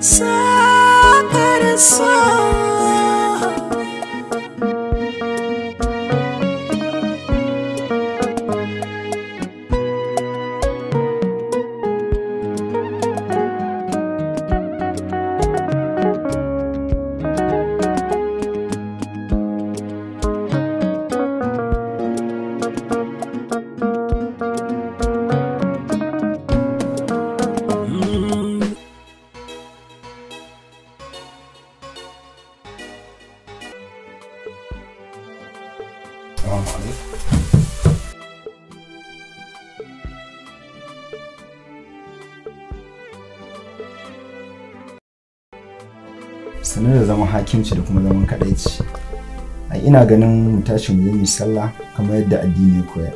Sabe, só. hakimci da kuma zaman kadaici ina ganin mu tashi mu yi sallah kamar yadda addini ya koyar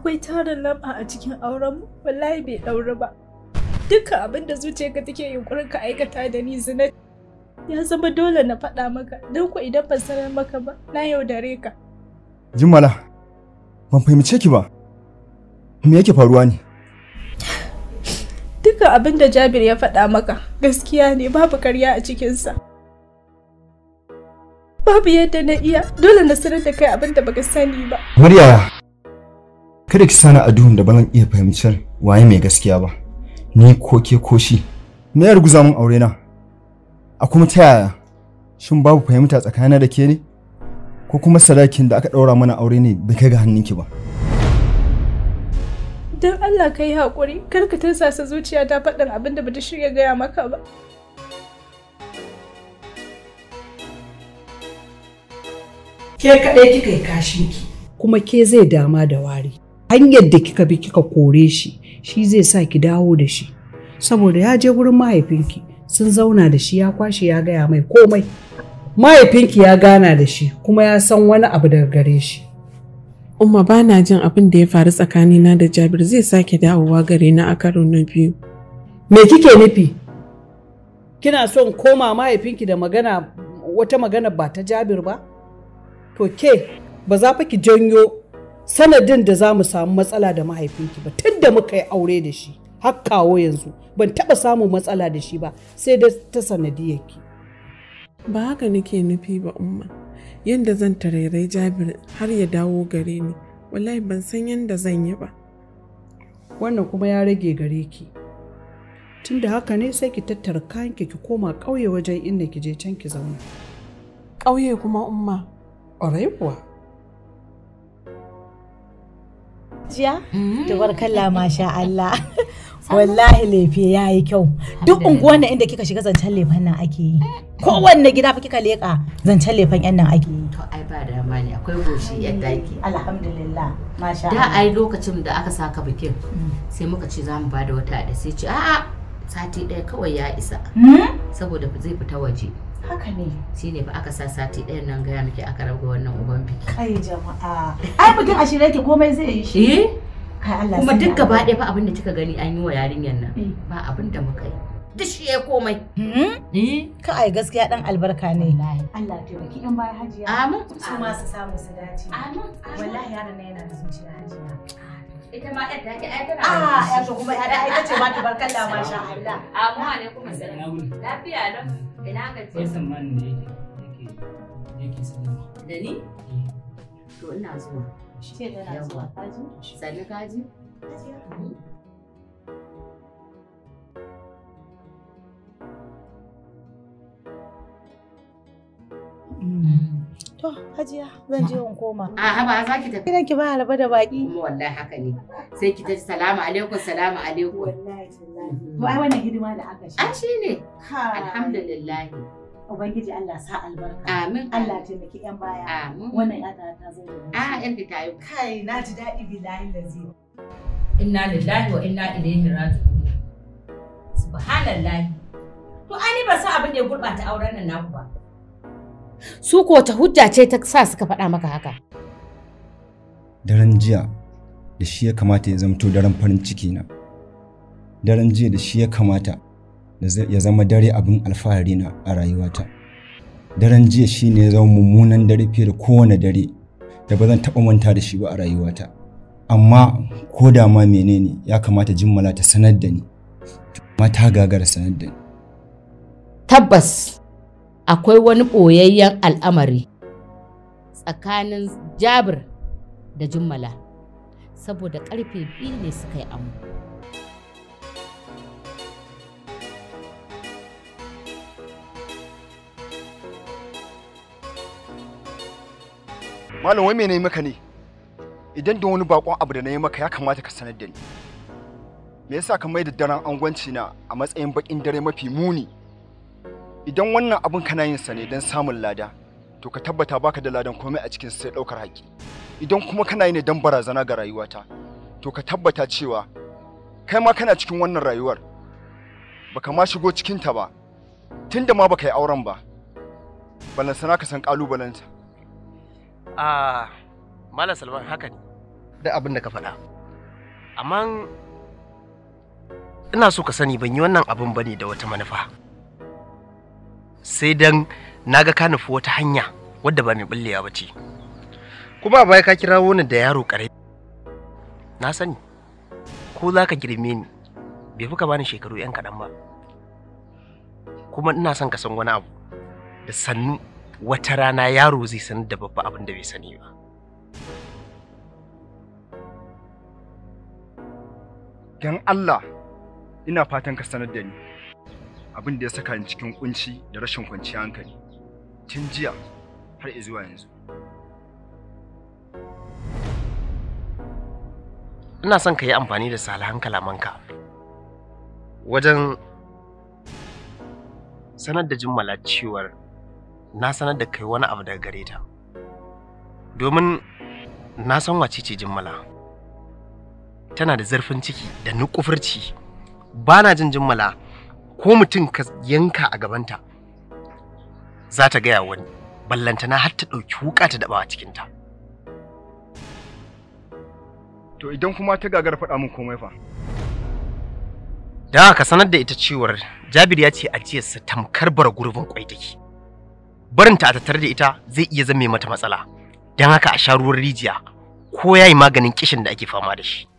akwai tarin lamba a cikin auren mu wallahi bai daure ba dukkan abin da zuciyarka take yunkurin ka aikata da ni zina ya zama dole na faɗa maka don ku idan ban sanar maka ba na yaudare ka jimala ban fahimce ki ba me yake faruwa ne dukkan abin da jabir ya faɗa maka gaskiya ne babu karya a cikinsa babu yadda na iya dole na sanar da kai abin da baka sani ba Muryaya. kada ki sani a duhun da ban iya fahimtar waye mai gaskiya ba ni ko ke ko shi me ya ruguza mun aure na a kuma ta yaya shin babu fahimta tsakanin da ke ne ko kuma sadakin da aka ɗaura mana aure ne bai kai ga hannunki ba dan Allah ka yi haƙuri kar ka tursasa zuciya ta faɗin abin da bata shirya gaya maka ba ke kaɗai kika yi kashinki kuma ke zai dama da wari hanyar da kika bi kika kore shi shi zai sa ki dawo da shi saboda ya je wurin mahaifinki sun zauna da shi ya kwashe ya gaya mai komai mahaifinki ya gana da shi kuma ya san wani abu daga gare shi umma ba na jin abin da ya faru tsakanina da jabir zai sake dawowa gare na a karo na biyu me kike nufi kina son koma mahaifinki da magana wata magana ba ta jabir ba to ke ba za fa ki janyo sanadin da za mu samu matsala da mahaifinki ba tun da muka yi aure da shi har kawo yanzu ban taɓa samun matsala da shi ba sai da ta sanadiyarki. Ba haka nake nufi ba umma yadda zan tarairai jabir har ya dawo gare ni wallahi ban san yadda zan yi ba. Wannan kuma ya rage gare ki. Tun da haka ne sai ki tattara kayanki ki koma ƙauye wajen inda ki je can ki zauna. Ƙauye kuma umma. Ƙwarai kuwa. hajiya mm. tabarkalla masha Allah wallahi lefe ya yi kyau duk unguwan inda kika shiga zancen lefen nan ake yi kowanne gida fa kika leka zancen lefen yan nan ake yi to ai ba dama ne akwai goshi yan daki alhamdulillah masha Allah da ai lokacin da aka saka bikin mm. sai muka ce za mu bada wata da sai ce a'a sati ɗaya kawai ya isa hmm? saboda zai fita waje haka ne shi ne ba aka sa sati ɗayan nan gaya miki aka rabu wannan uban biki kai jama'a ai mutum a shirya ke komai zai yi shi eh? kai Allah kuma duk gaba ɗaya ba abin da kika gani an yi wa yarinyar nan eh. ba abin da muka yi duk shi ya komai hmm? eh? ka ai gaskiya dan albarka ne Allah ya taimaki in baya hajiya amin su ma su samu su dace amin wallahi yaron nan yana da zuciya hajiya ita ma yadda ake ai tana a ah, ya kuma ya da ita ce ma tabarkalla masha Allah amin alaikum assalam lafiya lau Ina ka ce? ne yake yake sallama. Da ni? Eh. To ina zuwa. Ce tana zuwa. Kaji? Sannu kaji? To, Hajiya, zan je in koma. A ba za ki tafi. Kiran ki ba alba da baki. wallahi haka ne. Sai ki taji salamu alaikum salamu alaikum. Wallahi tallahi. Mhm. ai wannan hidima da aka shi. A ah, shi ne. Alhamdulillah. Ubangiji Allah sa albarka. Amin. Allah taimaki ƴan baya. Amin. Wannan ya ta ta zo. A ah, ƴan ta yi. Kai na ji daɗi billahi lazi. Inna lillahi wa inna ilaihi raji'un. Subhanallahi. To ani ba san abin da ya gurɓata auren nan naku ba. Su ko ta hujja ce ta sa suka faɗa maka haka. Daren jiya da shi ya kamata ya zamto daren farin ciki na. Daren jiya da shi ya kamata ya zama dare abin alfahari na a rayuwata. Daren jiya shi ne ya zama mummunan dare fiye da kowane dare da ba zan taɓa manta da shi ba a rayuwata. Amma ko da ma menene ya kamata jimmala ta sanar da ni, ma ta gagara sanar da ni. Tabbas akwai wani ɓoyayyen al'amari tsakanin jabir da jummala saboda karfe biyu ne suka yi amu malam wai mene maka ne idan da wani bakon abu da na yi maka ya kamata ka sanar da ni me yasa ka mai da daren angwanci na a matsayin bakin dare mafi muni idan wannan abin kana yin sa ne don samun lada to ka tabbata baka da ladan komai a cikin sai daukar haƙi idan kuma kana yi ne don barazana ga rayuwata to ka tabbata cewa kai ma kana cikin wannan rayuwar baka ma shigo cikin ta ba tunda ma baka yi auren ba sana ka san ta. ah mala salman haka ne da abin da ka faɗa amma ina so ka sani ban yi wannan abin bane da wata manufa sai dan naga ka nufi wata hanya wadda ba mai bullewa ba ce kuma a baya ka kirawo ni da yaro kare. na sani ko za ka girme ni bai fi ka bani shekaru yan kaɗan ba kuma ina son ka san wani abu da sannu wata rana yaro zai sanar da babba abin da bai sani ba don Allah ina fatan ka sanar da ni abin da ya saka ni cikin kunci da rashin kwanciyar hankali tun jiya har zuwa yanzu ina son ka yi amfani da salihan manka. wajen sanar da jimmala cewar na sanar da kai wani abu daga gare ta domin na san wace ce jimmala tana da zarfin ciki da nukufurci ba na jin jimmala ko mutum ka yanka a gabanta za ta gaya wani ballantana har ta ɗauki wuka ta daɓawa cikinta. To idan kuma ta gagara faɗa min komai fa. Da ka sanar da ita cewar Jabir ya ce ajiyarsa tamkar bara gurbin kwai take. Barinta a tattare da ita zai iya zame mata matsala. Don haka a sha ruwan rijiya ko ya yi maganin kishin da ake fama da shi.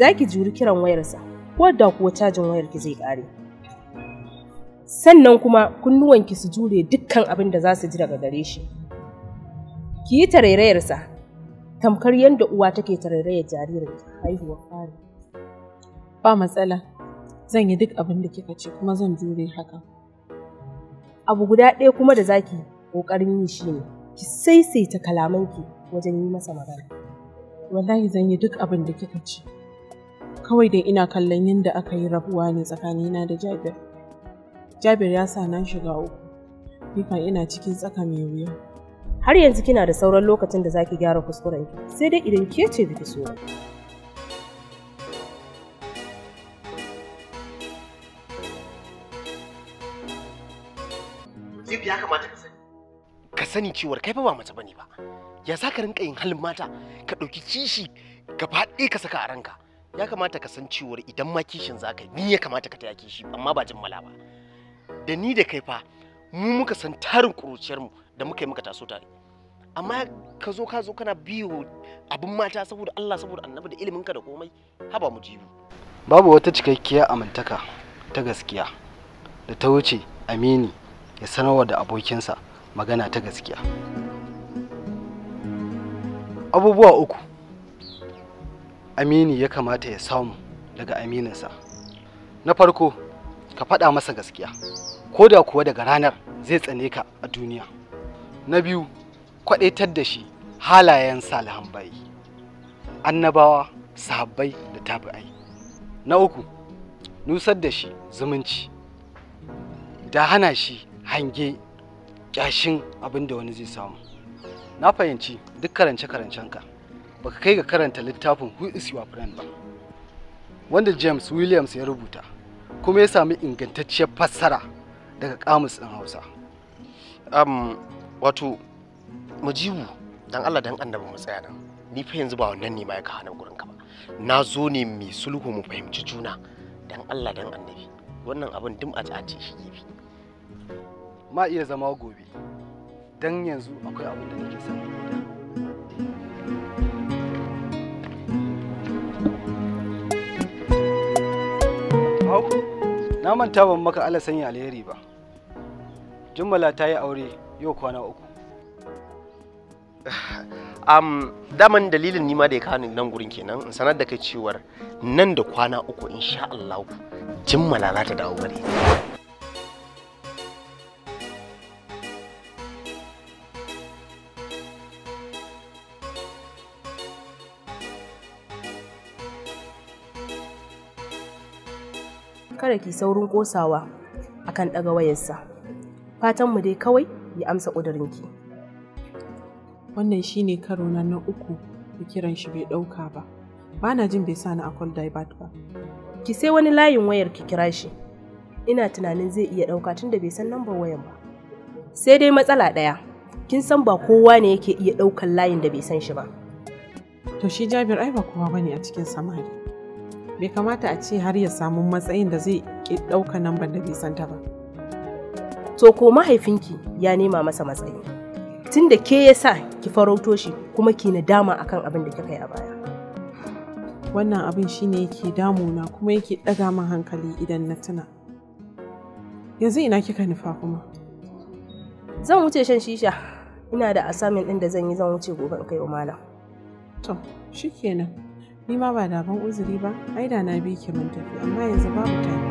za ki juri kiran wayarsa ko da kuwa cajin wayarki zai ƙare. Sannan kuma kunnuwanki su jure dukkan abin da za su ji daga gare shi. Ki yi tarairayarsa tamkar yadda uwa take tarairayar jaririn haihuwa fari. Ba matsala, zan yi duk abin da kika ce kuma zan jure haka. Abu guda ɗaya kuma da zaki ƙoƙarin yi shi ne, ki saisaita kalamanki wajen yi masa magana. Wallahi zan yi duk abin da kika ce. kawai dai ina kallon yadda aka yi rabuwa ne tsakanina da Jabir. Jabir ya sa na shiga uku, nikan ina cikin tsaka mai wuya. Har yanzu kina da sauran lokacin da zaki gyara ki sai dai idan ke ce biki so ya kamata ka sani. Ka sani cewar kai fa ba mace bane ba. Ya za ka rinka yin halin mata, ka ɗauki kishi gaba ɗaya ka saka a ranka. ya kamata ka san cewar idan ma kishin za ka ni ya kamata ka taya kishi amma ba jimmala ba da ni da kai fa mu muka san tarin kuruciyarmu da muka yi muka taso tare amma ka zo ka zo kana biyo abin mata saboda Allah saboda annabi da ilimin ka da komai haba mu jibu babu wata cikakkiyar amintaka ta gaskiya da ta wuce amini ya sanarwa da abokinsa magana ta gaskiya abubuwa uku amini ya kamata ya samu daga amininsa na farko ka faɗa masa gaskiya ko da kuwa daga ranar zai tsane ka a duniya na biyu kwaɗaitar da shi halayen salihan bayi annabawa sahabbai da tabi'ai na uku nusar da shi zumunci da hana shi hange ƙyashin abin da wani zai samu na fahimci duk karance-karancenka baka kai ga karanta littafin Who is your friend ba wanda James Williams ya rubuta kuma ya sami ingantacciyar fassara daga kamus ɗin Hausa um, wato mujibu dan Allah dan annabi mu tsaya nan ni fa yanzu ba wannan ne ma ya kawo nan gurin ka ba na zo ne mai sulhu mu fahimci juna dan Allah dan annabi wannan abin dum a ce shi gefe ma iya zama gobe dan yanzu akwai abin da nake son hauku na manta ban maka ala sanya alheri ba jummala ta yi aure yau kwana uku um, daman dalilin nima da ya kawo nan gurin kenan in sanar da kai cewar nan da kwana uku insha Allah jummala za ta dawo bare fara ki saurin kosawa kan ɗaga wayarsa fatanmu dai kawai ya amsa ƙudurinki wannan shi ne karo na na uku da kiran shi bai ɗauka ba bana jin bai sani a call divert ba ki sai wani layin wayar ki kira shi ina tunanin zai iya ɗauka tunda bai san lambar wayan ba sai dai matsala ɗaya kin san ba kowa ne yake iya ɗaukan layin da bai san shi ba to shi jabir ai ba kowa bane a cikin samari bai kamata a ce har ya samu matsayin da zai ki ɗauka ban da bai santa ba. To ko mahaifinki ya nema masa matsayi. Tun da ke ya sa ki farauto shi kuma ki dama akan abin da kika yi a baya. Wannan abin shine yake damuna kuma yake ɗaga min hankali idan na tuna. Yanzu ina kika nufa kuma. Zan wuce shan shisha. Ina da asamin ɗin da zan yi zan wuce gobe in kai wa malam. To, shikenan. ni ma ba daban ban uzuri ba ai da na bi ki mun amma yanzu babu tafi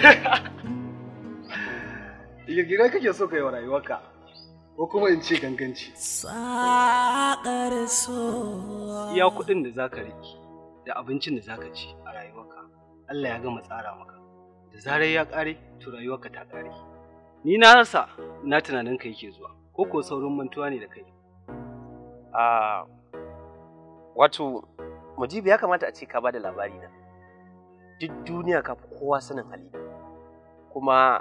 gida kake so ka yi wa rayuwarka. ko kuma in ce ganganci. Iya kuɗin da za ka riƙe da abincin da za ka ci a rayuwarka, Allah ya gama tsara maka. Da zarar ya ƙare, to rayuwarka ta ƙare. Ni na rasa na tunanin ka yake zuwa, ko ko saurin mantuwa ne da kai. Ah, wato, Mujibu ya kamata a ce ka ba da labari na. Duk duniya ka fi kowa sanin hali. Kuma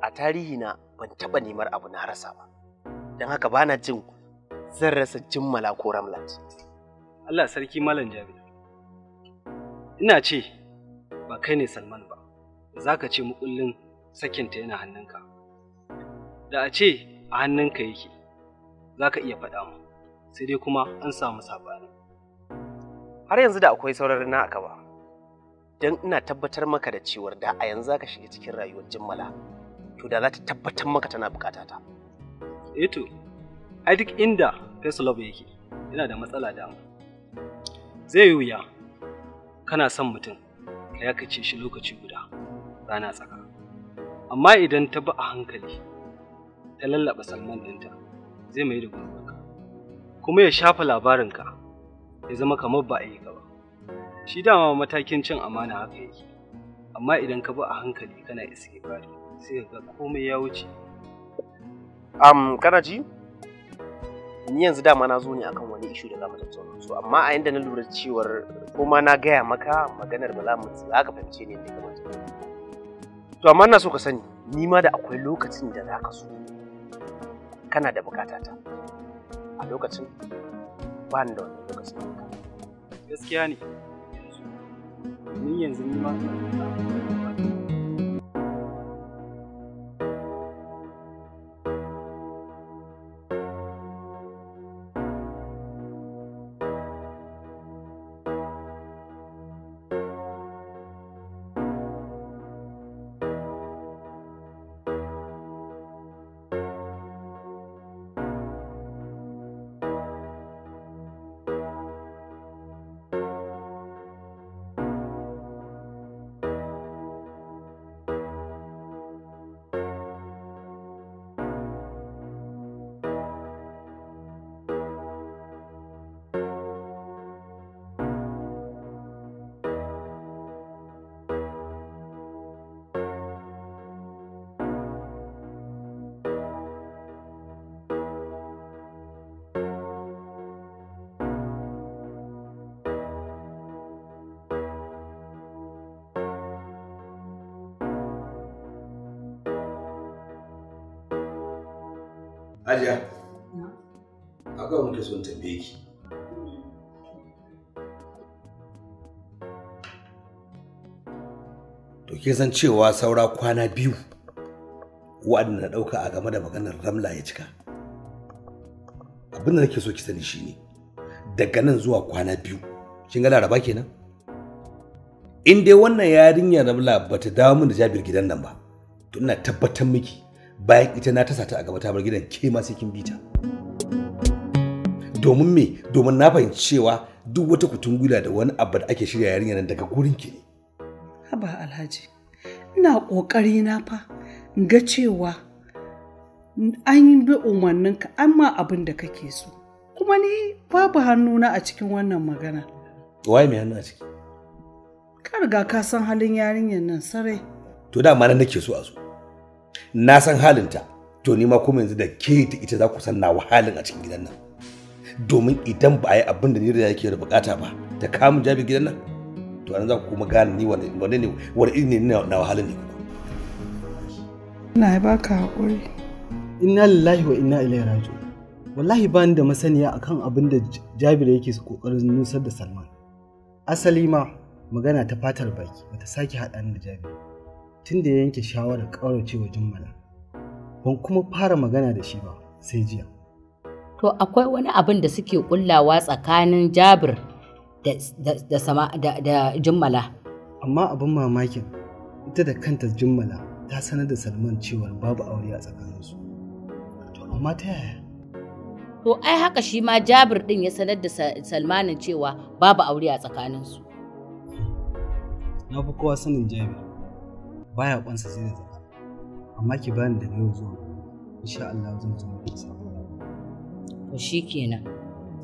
a tarihi na ban taɓa nemar abu na rasa ba. don haka bana jin zan rasa jimmala ko ramlat Allah sarki malam jami'a ina ce ba kai ne salman ba za ka ce mukullin sakinta yana hannunka da a ce a hannunka yake za ka iya faɗa mu sai dai kuma an samu sabani har yanzu da akwai sauran na aka ba don ina tabbatar maka da cewar da a yanzu za ka shiga cikin rayuwar jimmala to da za ta tabbatar maka tana bukata ta. eto eh ai duk inda first love yake yana da matsala da mu zai yi wuya kana son mutum ka yakace shi lokaci guda rana tsaka amma idan ta bi a hankali ta lallaba salman ɗinta zai mai da gurbarka kuma ya shafa labarinka ya zama kamar ba a yi ka ba shi dama matakin cin amana haka yake amma idan ka bi a hankali kana iske bari sai ka ga komai ya wuce um, kana ji ni yanzu dama na zo ne akan wani ishu da zamu tattauna so amma a inda na lura cewar ko ma na gaya maka maganar ba za mu aka ka fahimce ne da kamar to amma na so ka sani ni ma da akwai lokacin da zaka ka so kana da bukata ta a lokacin ba ni da wani lokacin gaskiya ne ni yanzu ni ma Ajiya. Akwai muke son tambaye ki. To ke san cewa saura kwana biyu waɗanda na ɗauka a game da maganar ramla ya cika. Abin da nake so ki sani ne, daga nan zuwa kwana biyu. Kin ga Laraba kenan? In dai wannan yarinya ramla bata dawo min da jabir gidan nan ba, to ina tabbatar miki bayan ita na tasa ta a gaba ta bar gidan ke ma sai kin domin me domin na fahimci cewa duk wata kutungula da wani abu da ake shirya yarinya nan daga gurin ke. ne haba alhaji ina kokari na fa ga cewa an yi bi umarnin an ma abin da kake so kuma ni babu hannuna a cikin wannan magana waye mai hannu a ciki ka riga ka san halin yarinyar nan sarai to da ma nake so a so na san halinta to ni ma kuma yanzu da ke ta ita za ku san nawa halin a cikin gidan nan domin idan ba a yi abin da ni da yake da bukata ba ta kamun jabi gidan nan to an za ku kuma gane ni wani ne wani iri ne na halin ne kuma ina ba ka hakuri. inna lillahi wa inna ilaihi raji'un wallahi ba ni da masaniya akan abin da jabir yake kokarin nusar da salman asali ma magana ta fatar baki bata sake haɗa ni da jabir tun da ya yanke shawarar ƙaurace wa jummala ban kuma fara magana da shi ba sai jiya to akwai wani abin da suke kullawa tsakanin jabir da sama da jummala amma abin mamakin ita da kanta jummala ta sanar da salman cewar babu aure a tsakaninsu to amma ta yaya to ai haka shi ma jabir din ya sanar da salmanin cewa babu aure a tsakaninsu na fi kowa sanin jabir baya kwansa sai zazzaɓi amma ki bani da yau zuwa insha Allah zan zo da sabon to shikenan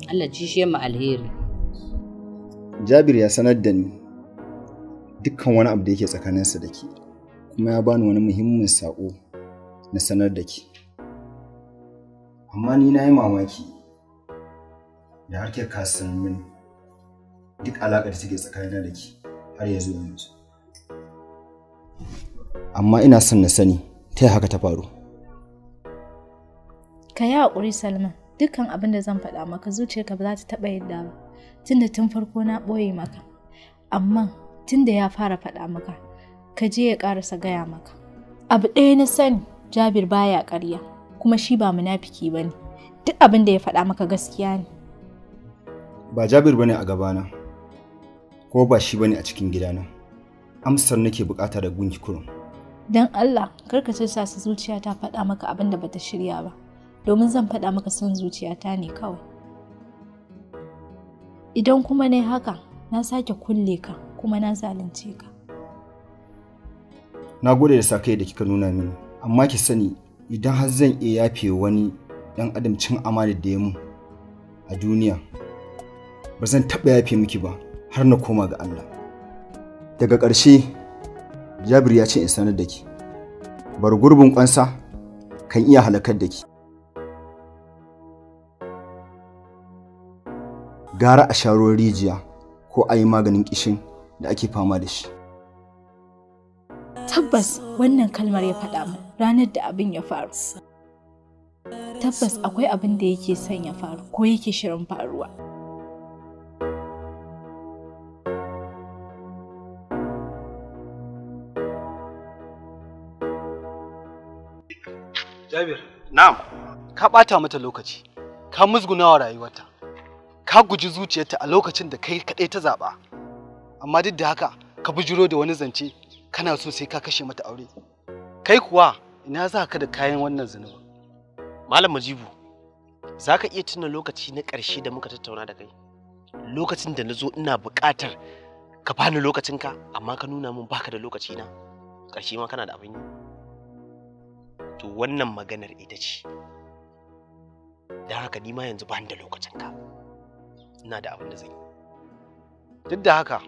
Allah ci shi mu alheri Jabir ya sanar da ni dukkan wani abu da yake tsakaninsa da ke kuma ya bani wani muhimmin saƙo na sanar da ke amma ni na yi mamaki da har ke kasan min duk alaƙar da take tsakanina da ke har ya zuwa yanzu amma ina son na sani ta haka ta faru ka yi haƙuri salman dukkan abin da zan faɗa maka zuciyarka ba za ta taɓa yadda ba tunda tun farko na ɓoye maka amma tunda ya fara faɗa maka ka je ya ƙarasa gaya maka abu ɗaya na sani jabir baya ƙarya kuma shi ba munafiki ba ne duk abin da ya faɗa maka gaskiya ne ba jabir bane a gabana ko ba shi bane a cikin gidana amsar nake bukata da gunki kurum don Allah karka sa su zuciya ta faɗa maka abin da bata shirya ba domin zan faɗa maka son zuciyata ne kawai idan kuma na haka na sake kulle ka kuma na zalunce ka na gode da sakai da kika nuna mini amma ki sani idan har zan iya yafe wani dan adam cin amana da ya mu a duniya ba zan taɓa yafe miki ba har na koma ga Allah daga ƙarshe jabir ya ce in sanar da ke. bar gurbin kwansa kan iya halakar da ke. gara a sharo rijiya ko a yi maganin kishin da ake fama da shi tabbas wannan kalmar ya faɗa min ranar da abin ya faru tabbas akwai abin da yake son ya faru ko yake shirin faruwa Sabir. Na'am. Ka ɓata mata lokaci, ka musgunawa rayuwarta, ka guji zuciyarta a lokacin da kai kaɗai ta zaɓa. Amma duk da haka ka bujuro da wani zance kana so sai ka kashe mata aure. Kai kuwa ina za ka da kayan wannan zunubi. Malam Mujibu, za ka iya tuna lokaci na ƙarshe da muka tattauna da kai. Lokacin da na zo ina buƙatar ka bani lokacinka amma ka nuna min baka da lokacina. Ƙarshe ma kana da abin yi. to wannan maganar ita ce don haka ni ma yanzu ban da lokacin ka ina da abin da zan yi duk da haka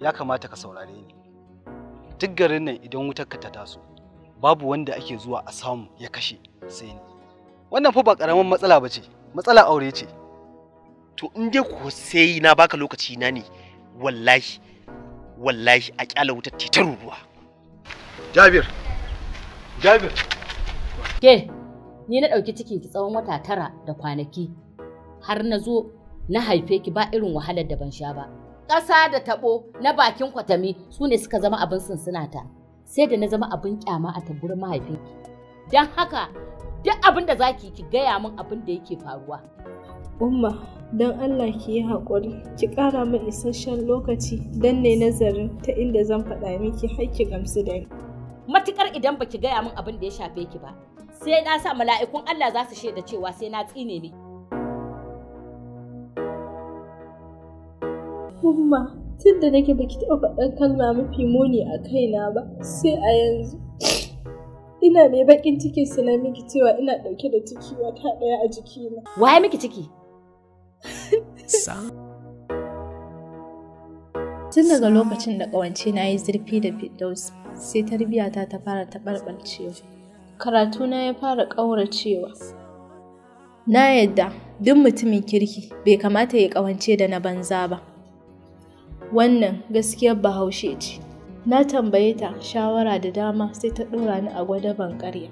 ya kamata ka saurare ni duk garin nan idan wutar ka ta taso babu wanda ake zuwa a samu ya kashe sai ni wannan fa ba karamin matsala ba ce matsala aure ce to in dai ko sai na baka lokaci na ne wallahi wallahi a kyala wutar ta ruwa. jabir Jabir. Ke, ni na ɗauki ciki ki tsawon wata tara da kwanaki har na zo na haife ki ba irin wahalar da ban sha ba. Ƙasa da taɓo na bakin kwatami su ne suka zama abin sunsunata sai da na zama abin kyama a taburin mahaifinki. Don haka duk abin da zaki ki gaya min abin da yake faruwa. Umma, don Allah ki yi haƙuri, ki ƙara min isasshen lokaci don ne nazarin ta inda zan faɗa miki har ki gamsu da ni. matukar idan baki gaya min abin da ya shafe ki ba sai na sa mala'ikun Allah za su shaida cewa sai na tsine ne Umma tun da nake baki taɓa faɗan kalma mafi muni a kaina ba sai a yanzu ina mai bakin ciki na miki cewa ina ɗauke da ciki wata ɗaya a jikina waye miki ciki tun daga lokacin da ƙawance na yi zurfi da fidausi sai tarbiyata ta fara taɓarɓarcewa karatuna ya fara ƙauracewa na yadda duk mutumin kirki bai kamata ya ƙawance da na banza ba wannan gaskiyar bahaushe ce na tambaye ta shawara da dama sai ta ɗora ni a gwada ban ƙarya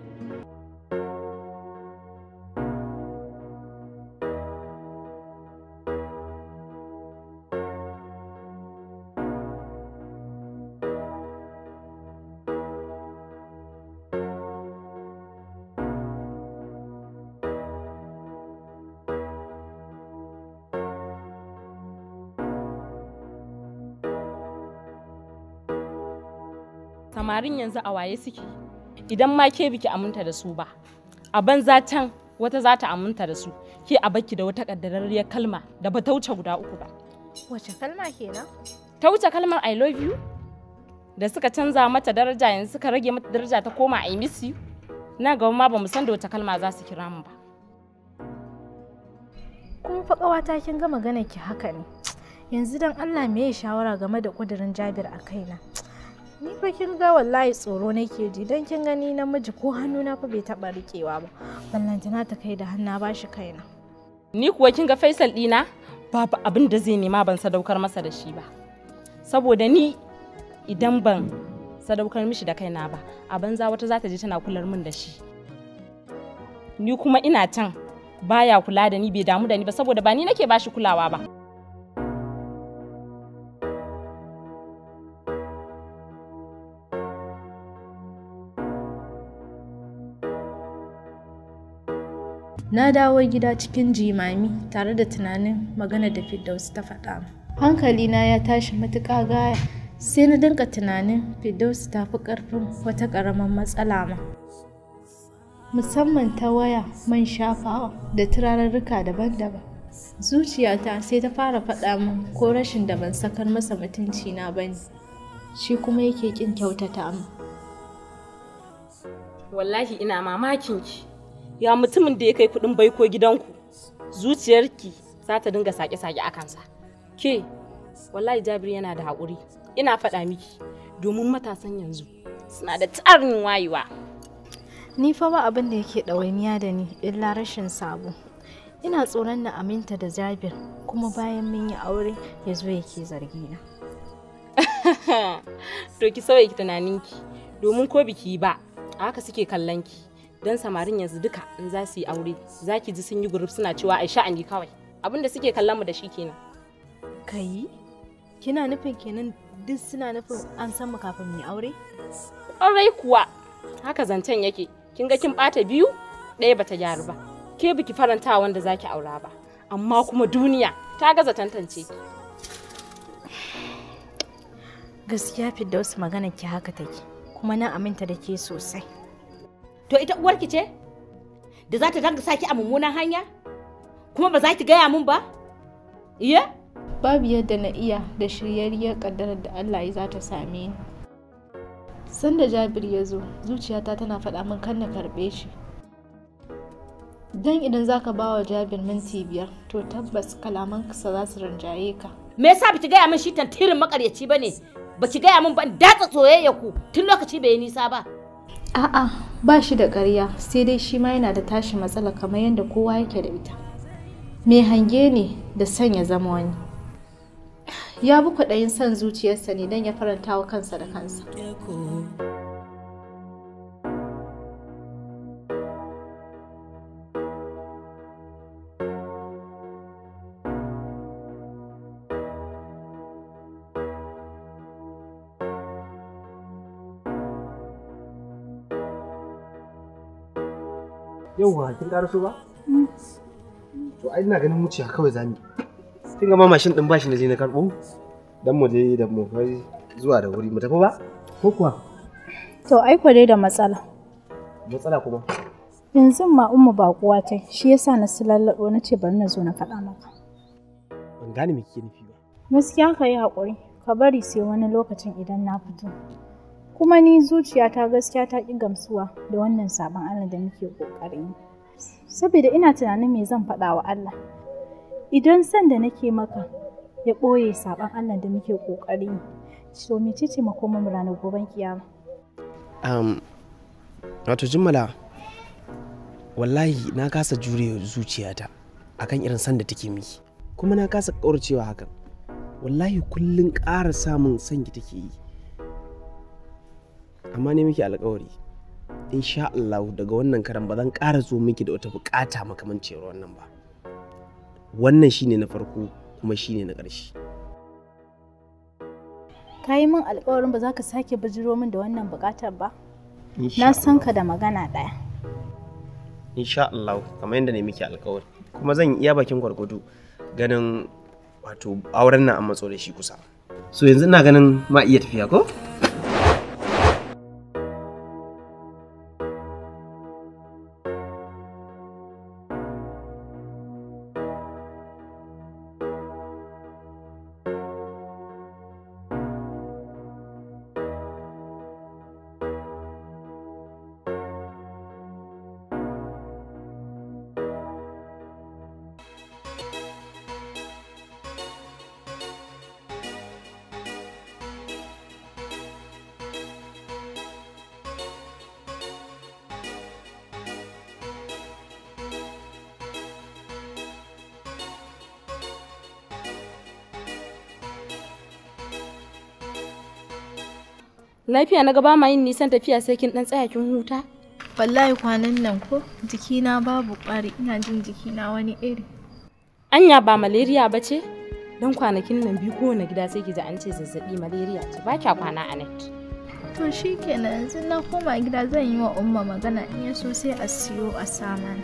samarin yanzu a waye suke idan ma ke biki aminta da su ba a banza can wata za ta aminta da su ke a baki da wata kaddararriyar kalma da ba ta wuce guda uku ba wace kalma kenan ta wuce kalmar i love you da suka canza mata daraja yanzu suka rage mata daraja ta koma i miss you na gaba ma ba mu san da wata kalma za su kira mu ba kuma fa kawata kin ga magana ki haka ne yanzu dan Allah me ya shawara game da kudirin Jabir a kaina ni fa kin ga wallahi tsoro nake ji dan kin gani miji ko hannu na fa bai taba rikewa ba tana ta kai da hannu ba shi kaina ni kuwa kin ga Faisal dina babu abin da zai nema ban sadaukar masa da shi ba saboda ni idan ban sadaukar mishi da kaina ba a banza wata za ta je tana kular min da shi ni kuma ina can baya kula da ni bai damu da ni ba saboda ba ni nake bashi kulawa ba Na dawo gida cikin jimami tare da tunanin magana da Fiddaus ta faɗa. na ya tashi matuƙa gaya sai na dinka tunanin Fiddaus ta fi ƙarfin wata ƙaramin matsala ma. Musamman ta waya man shafawa da turarurruka daban-daban. Zuciyata sai ta fara faɗa min ko rashin da ban sakar masa mutunci na bane. Shi kuma yake ƙin kyautata min. Wallahi ina mamakin ki. ya mutumin da ya kai kuɗin baiko gidanku zuciyarki za ta dinga sake-sake a kansa ke wallahi jabir yana da haƙuri ina faɗa miki domin matasan yanzu suna da tsarin wayewa ni fa ba abin da yake ɗawainiya da ni illa rashin sabo ina tsoron na aminta da jabir kuma bayan mun yi aure ya zo yake zargi na to ki sauya tunaninki domin ko biki ba a haka suke kallon ki don samarin yanzu duka in za su yi aure za ki ji sun yi gurup suna cewa ai sha'ani kawai abin da suke kallon mu da shi kenan kai kina nufin kenan duk suna nufin an san mu kafin mu aure ƙwarai kuwa haka zancen yake kin ga kin bata biyu ɗaya bata gyaru ba ke biki farantawa wanda zaki aura ba amma kuma duniya ta gaza tantance ki gaskiya fidda wasu magana ki haka take kuma na aminta da ke sosai to ita uwarki ce da za ta danga saki a mummunan hanya kuma ba za ki gaya mun ba iya babu yadda na iya da shiryayyar kaddarar da Allah ya za ta same ni sanda Jabir ya zo zuciyata tana faɗa min kan na karɓe shi don idan zaka ba wa Jabir minti biyar to tabbas kalaman sa za su rinjaye ka me yasa ki gaya min shi tantirin makaryaci bane baki gaya min ban datsa soyayya ku tun lokaci bai nisa ba A'a, ba shi da ƙarya sai dai shi ma yana da tashi matsala kamar yadda kowa yake da ita. Mai hange ne da ya zama wani. Ya bi kwaɗayin son zuciyarsa ne don ya faranta wa kansa da kansa. Yauwa, kin ƙara so ba? Mm. To ai ina ganin wuciya kawai zami. Kin ga ma mashin din bashi na je na karɓo? Dan mu je da mu kai zuwa da wuri mu tafi ba? Ko kuwa? To ai ko dai da matsala. Matsala kuma? Yanzu ma umma ba kuwa ta shi yasa na su na ce bari na zo na faɗa maka. Ban gane me kike nufi ba. Gaskiya ka yi hakuri ka bari sai wani lokacin idan na fito. kuma ni zuciyata gaskiya ta ƙi gamsuwa da wannan sabon Allah da muke ƙoƙarin saboda ina tunanin me zan faɗa wa Allah idan san da nake maka ya ɓoye sabon Allah da muke ƙoƙari so mecece mu ranar goben kiyama um, wato jimmala wallahi na kasa jure zuciyata akan irin san da take miki kuma na kasa ƙauracewa hakan wallahi kullun ƙara samun sanki take yi amma ne miki alkawari insha Allah daga wannan karan ba zan ƙara zo miki da wata bukata makamanciyar wannan ba wannan shine na farko kuma shine na ƙarshe ka yi min alkawarin ba za ka sake bijiro min da wannan buƙatar ba na san ka da magana ɗaya insha Allah kamar yadda ne miki alkawari kuma zan iya bakin gwargwado ganin wato auren nan an matso da shi kusa so yanzu ina ganin ma iya tafiya ko lafiya na gaba ma yin nisan tafiya sai kin dan tsaya kin huta wallahi kwanan nan ko jikina babu ƙwari ina jin jikina wani iri anya ba malaria ba ce dan kwanakin nan biyu na gida sai ki ji an ce zazzabi malaria ce ba kya kwana a net to shikenan yanzu na koma gida zan yi wa umma magana in ya so sai a siyo a sama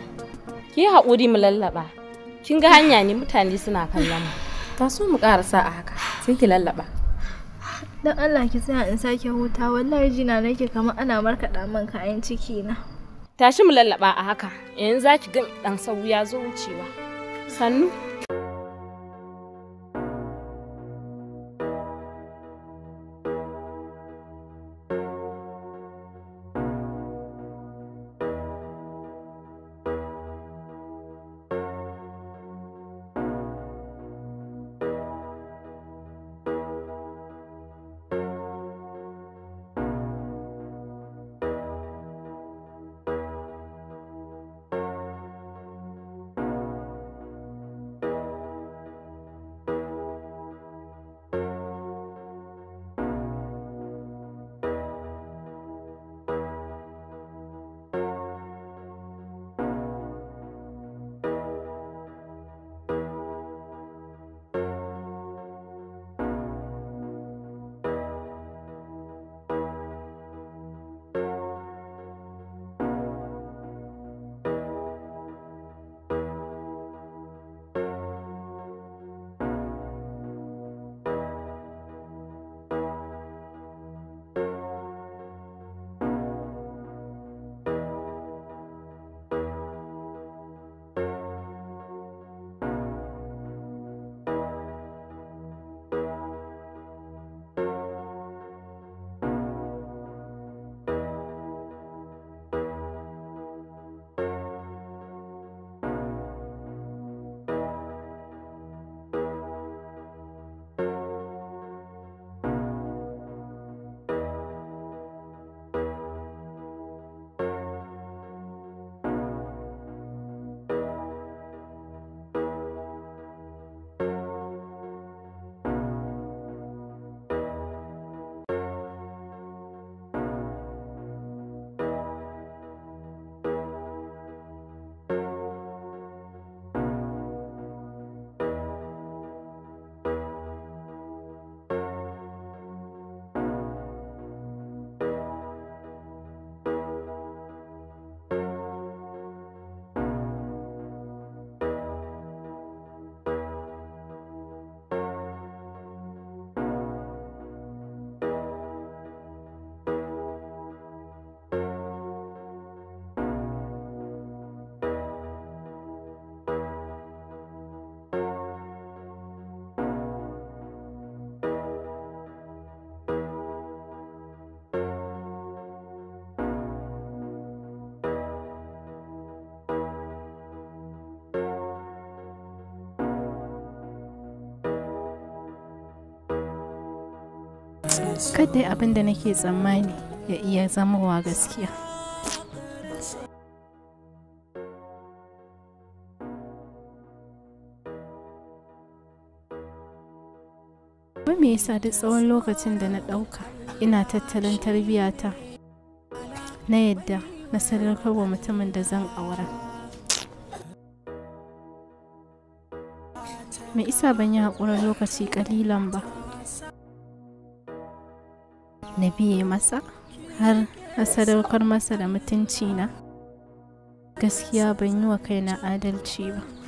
ki haƙuri mu lallaba kin ga hanya ne mutane suna kallon mu ta so mu karasa a haka sai ki lallaba don Allah ki tsaya in sake huta wallahi jina nake kamar ana markaɗa man kayan ciki na tashi mu lallaba a haka yanzu zaki ga ɗan sau ya zo wucewa sannu kadai abin da nake tsammani ya iya zamowa gaskiya ba me yasa duk tsawon lokacin da na ɗauka ina tattalin tarbiyyata na yadda na sadaukar wa mutumin da zan aura me isa ban yi haƙurar lokaci ƙalilan ba na biye masa har a sadaukar masa da mutunci na gaskiya ban yi wa kaina adalci ba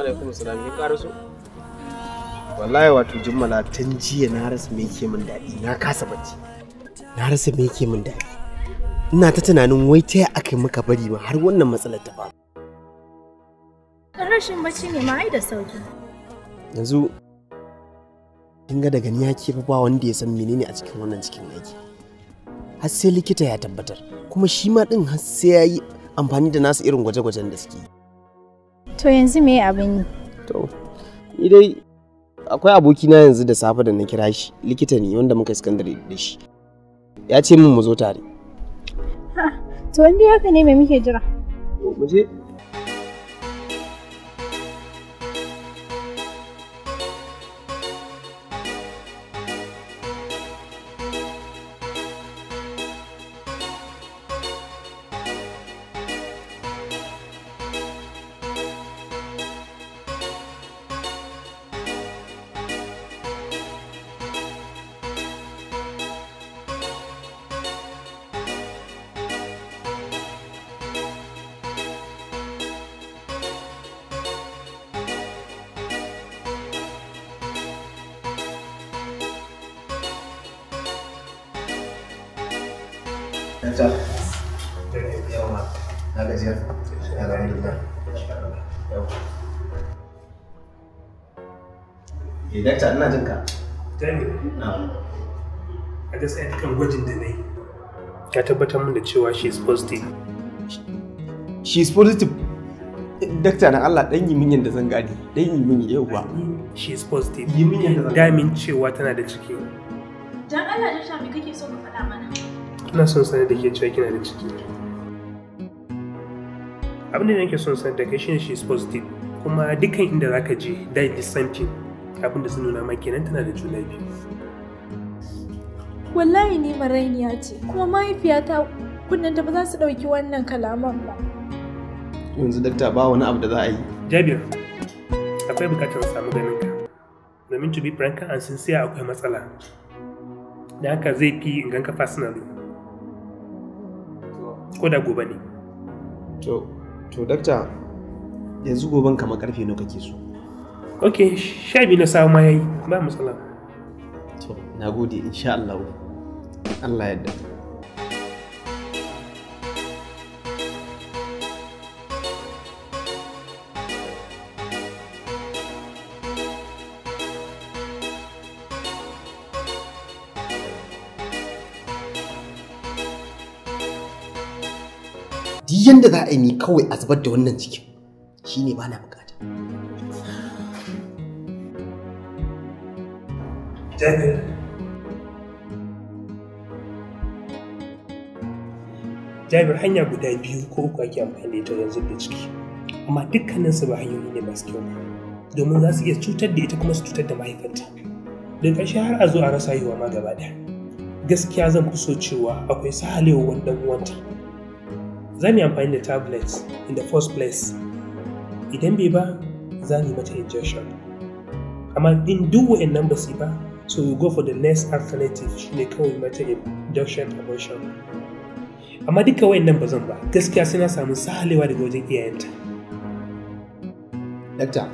alaikum salam kin karaso wallahi wato jummala tun jiya na rasa me yake min daɗi na kasa bacci na rasa me yake min daɗi ina ta tunanin wai ta ya aka muka bari ma har wannan matsalar ta faru rashin bacci ne ma ai da sauki yanzu kin ga daga ni ya ke ba wanda ya san menene a cikin wannan cikin aiki. har sai likita ya tabbatar kuma shi ma din har sai ya yi amfani da nasu irin gwaje-gwajen da suke yi. To yanzu me abin yi? To, idai akwai abokina yanzu da safe da na kira shi likita ne wanda muka iskandare da shi. Ya ce min mu zo tare. Ha, to wanda haka ne me muke jira? Mu je. Yata, yawa, na gajiya, eh, na gani gida. Yawa. Eh, dakta, ina jinka. Jami, a gaskiya dukkan gwajin da na yi. Ya tabbatar min da cewa she is positive. She is positive? Dakta na Allah ɗan yi min yadda zan gane, ɗan yi min yawa. She is positive. Yi zan gane. Damin cewa tana da ciki. Dan Allah da shafi kake so ka faɗa mana. ina son Sani da ke cikin da ciki abin da nake son Sani da kai ne she is positive kuma dukkan inda zaka je that is something abin da sun nuna ma kenan tana da juna biyu wallahi ni marainiya ce kuma mahaifiyata kunnanta ba za su ɗauki wannan kalaman ba yanzu dakta ba wani abu da za a yi jabir akwai bukatar samu ganin ka domin to be frank and sincere akwai matsala da haka zai fi in ganka personally ko da gobe ne to to dakta yanzu goben kamar karfe nawa kake so ok sha biyu na samu ma yayi ba matsala to gode insha Allah Allah yadda Yanda za a yi ni kawai a zubar da wannan cikin ne ba na bukata Jabir hanya guda biyu ko uku ake amfani da ita wajen ciki amma dukkaninsu ba hanyoyi ne masu kyau ba domin za su iya cutar da ita kuma su cutar da mahaifanta. da ƙarshe har a zo a rasa yiwa ma gaba ɗaya gaskiya zan fi cewa akwai sahalewa ɗan uwanta za ni yi amfani da tablet in the first place idan bai ba za ni yi mata injection amma in duk wa'annan ba su ba so you go for the next alternative shine kawai mata injection abortion amma duka nan ba zan ba gaskiya suna samun sahalewa daga wajen iyayenta dakta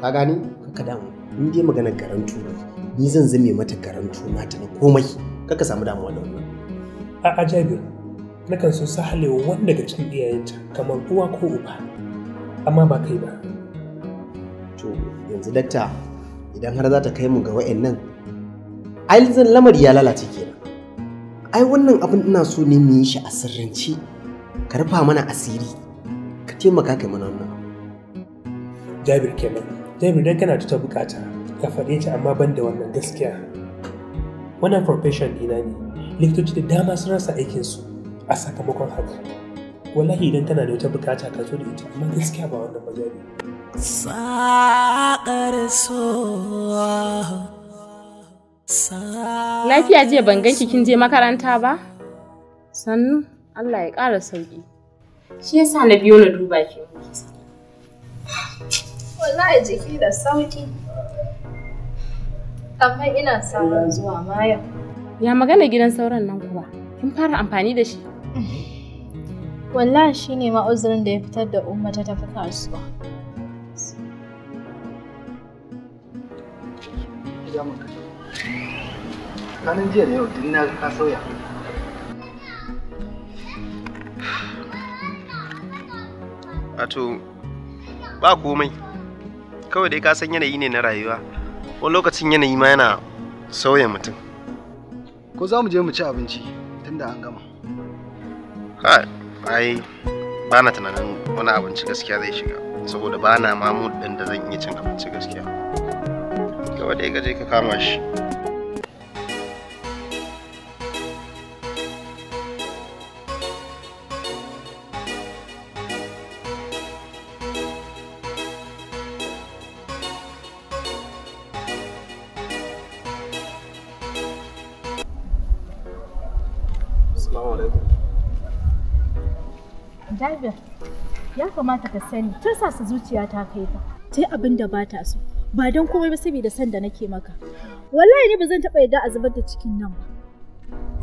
ka gani kaka damu in dai maganar garantu ne ni zan zame mata garantu mata na komai kaka samu damuwa wannan a ajabi nakan so sahalewa wani daga cikin iyayenta kamar uwa ko uba amma ba kai ba to yanzu dakta idan har za ta kai mu ga wa'annan ai zan lamari ya lalace kenan ai wannan abin ina so ne mu yi shi a sirrance ka rufa mana asiri ka taimaka kai mana wannan jabir kenan jabir dai kana ta bukata ka faɗe ta amma ban da wannan gaskiya wannan profession dina ne likitoci da dama sun rasa aikinsu a sakamakon haka wallahi idan tana da wata bukata ka zo da ita amma gaskiya ba wannan ba ne. lafiya jiya ban ganki kin je makaranta ba sannu Allah ya ƙara sauki shi yasa na biyo na duba ki wallahi jiki da sauki amma ina sauran zuwa mayan ya magana gidan sauran nan kuwa kin fara amfani da shi Wallahi shi ne ma'uzurin da ya fitar da Umma ta tafi kasuwa. Ranar jiya da yau duk na ka sauya. Wato, ba komai. Kawai dai ka san yanayi ne na rayuwa. Wani lokacin yanayi ma yana sauya mutum. Ko za mu je mu ci abinci tunda an gama. ai ba na tunanin wani abinci gaskiya zai shiga saboda ba na mamu da zan iya cin abinci gaskiya gaba ɗaya ka gaje ka kama shi ya kamata ka sani sa su zuciya ta kai ka tai abin da ba ta so ba don komai ba saboda san da nake maka wallahi ni ba zan taba yadda a zubar da cikin nan ba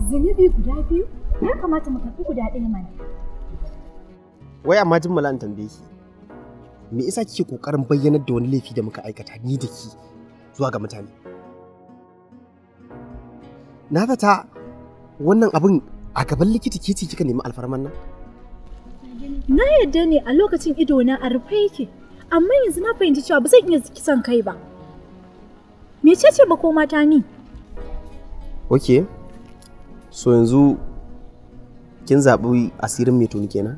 zunubi guda biyu ya kamata mu tafi guda ɗaya mana wai amma jin mala'an tambaye ki me yasa kike kokarin bayyanar da wani laifi da muka aikata ni da ki zuwa ga mutane na zata wannan abin a gaban likita ke ce kika nemi alfarman nan na yadda ne a lokacin ido na a rufe yake amma yanzu na fahimci cewa ba zan iya kisan kai ba Me mecece ba ko mata ni ok so yanzu kin zaɓi asirin mai tuni kenan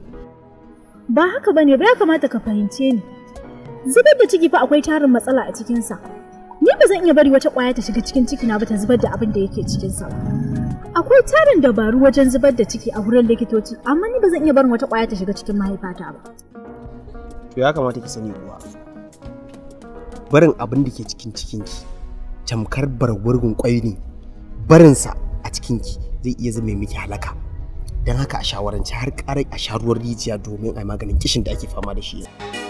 ba haka ba ne ba ya kamata ka fahimce ni zubar da ciki fa akwai tarin matsala a cikinsa ni ba zan iya bari wata ƙwaya ta shiga cikin ciki na ba ta zubar da abin da yake cikin sa akwai tarin dabaru wajen zubar da ciki a wurin likitoci amma ni ba zan iya barin wata ƙwaya ta shiga cikin mahaifata ba to ya kamata ki sani kuwa barin abin da ke cikin cikinki tamkar barwurgun kwai ne barin sa a cikinki zai iya zama miki halaka dan haka a shawarance har ƙarai a sharuwar rijiya domin a maganin kishin da ake fama da shi yanzu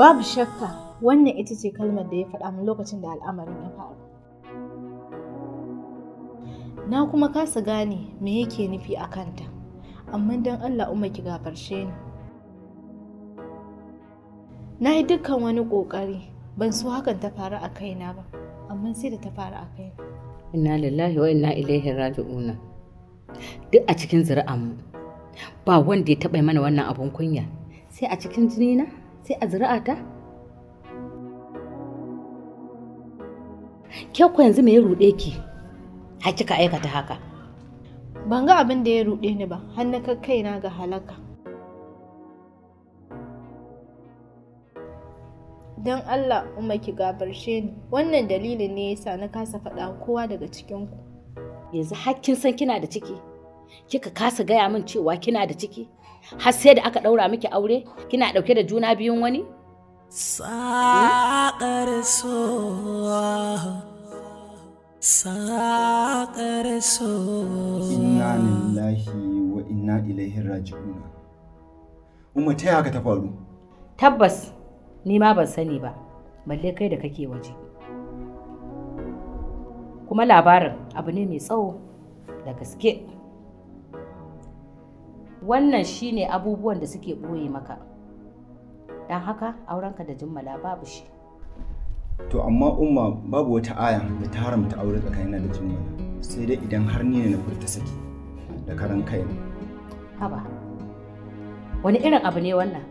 Babu shakka wannan ita ce kalmar da ya faɗa min lokacin da al'amarin ya faru. Na kuma kasa gane me yake nufi a kanta, amma don Allah Umar, ki gafarshe ni. Na yi dukkan wani ƙoƙari ban so hakan ta faru a kaina ba, amma sai da ta faru a kaina. Inna lillahi wa inna ilaihi raji'una. Duk a cikin zuri'anmu ba wanda ya taɓa mana wannan abun kunya sai a cikin jinina. sai a zuri'ata kyakku yanzu me ya ruɗe ki har kika aikata haka ban ga abin da ya ruɗe ni ba har na kaina ga halaka don Allah umma ki gabarshe ni wannan dalilin ne yasa na kasa faɗa kowa daga cikin yanzu har kin san kina da ciki kika kasa gaya min cewa kina da ciki har sai da aka ɗaura miki aure kina ɗauke da juna biyun wani? Saƙar so, Inna lillahi wa inna haka ta faru? Tabbas, ni ma ban sani ba, balle kai da kake waje. Kuma labarin abu ne mai tsawo da gaske. wannan shi ne abubuwan da suke ɓoye maka don haka aurenka da jummala babu shi to amma umma babu wata aya da ta haramta aure tsakanina da jimmala sai dai idan har ni ne na furta saki da karan kai. haba wani irin abu ne wannan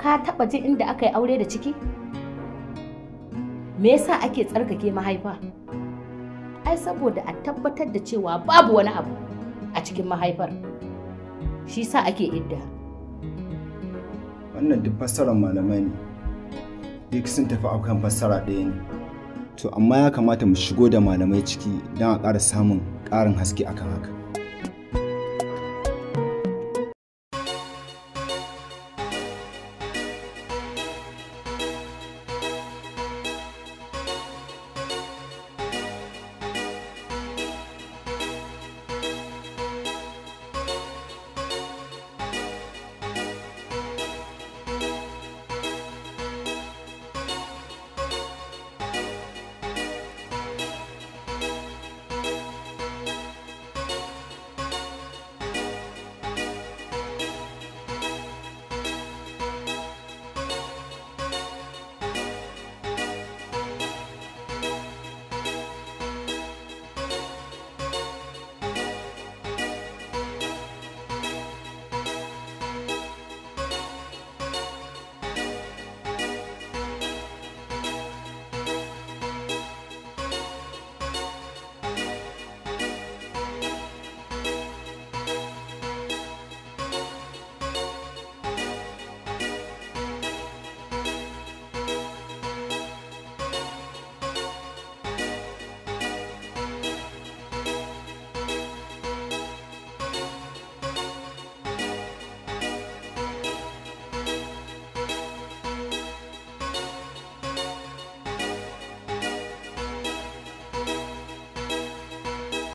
ka taba jin inda aka yi aure da ciki me yasa ake tsarkake mahaifa ai saboda a tabbatar da cewa babu wani abu a cikin mahaifar shi sa ake idda wannan duk fassarar malamai ne duk sun tafi akan fassara ɗaya ne to amma ya kamata mu shigo da malamai ciki don a ƙara samun ƙarin haske akan haka